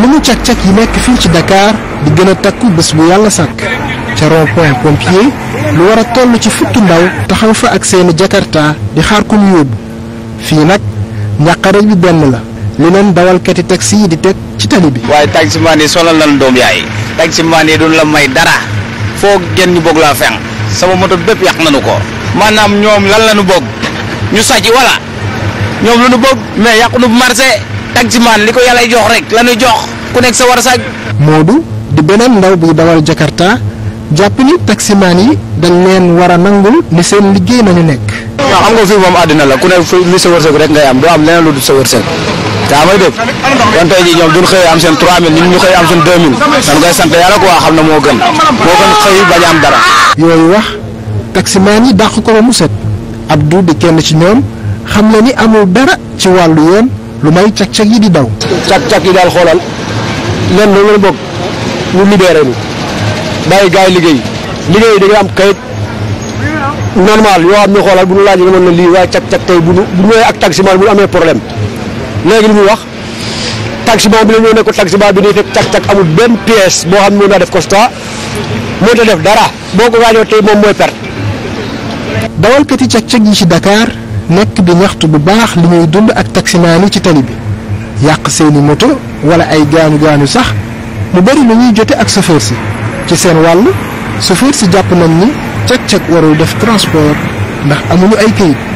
li mu càq-càq yi nekk fii ci Dakar di gën a takku bés bu yàlla sàkk ca rond-point pompier lu war a toll ci fukki ndaw taxaw fa ak seeni jakarta di xaar ku mu yóbbu fii nag ñàqare bi benn la li leen dawalkati taxi yi di teg ci tali bi. waaye taximaan yi solal nañ doom yaay. taximaan yi duñ la may dara. foo génn ñu bëgg laa fenn. sama moto bépp yàq nanu ko. maanaam ñoom lan la ñu ñu sàcc wala. ñoom lu ñu bëgg. mais yàqu nu taximaan li ko yàlla jox rek la ñuy jox ku nekk sa war a saag. Modou di beneen ndaw buy dawal Jakarta jàpp ni taximaan yi dañ leen war a nangul ni seen liggéey nañu nekk. waaw nga fii moom àddina la ku ne li sa wërsëg rek ngay am doo am leneen lu dul sa wërsëg daa may dégg kon tey jii ñoom duñ xëy am seen 3000 ñun ñu xëy am seen 2000 dañ koy sant yàlla ko waa xam na moo gën moo gën xëy bañ am dara. yooyu wax taximaan yi dàq ko ba mu set Abdou di kenn ci ñoom xam na ni amul dara ci wàllu yoon. lu may càq-càq yi di daw. càq-càq yi daal xoolal lenn loolu la bokk ñu libéré ñu bàyyi gars yi liggéey liggéey da nga am kayit normal yoo xam ne xoolal bu ñu laajee demoon na lii waaye càq-càq tey bu ñu bu ñëwee ak taximan bu ñu amee problème léegi li mu wax taximan bi la ñoo ne ko taximan bi day fekk càq-càq amul benn pièce boo xam ne moo def constat moo ta def dara boo ko waajoo tey moom mooy perte. dawalkati càq-càq yi ci Dakar. nekk di ñaxtu bu baax li ñuy dund ak taximaan yi ci tali bi yàq seeni moto wala ay gaañu gaañu sax mu bari lu ñuy jote ak chauffeur si ci seen wàll chauffeur si jàpp nañ ni cag-cag warul def transport ndax amuñu ay këyit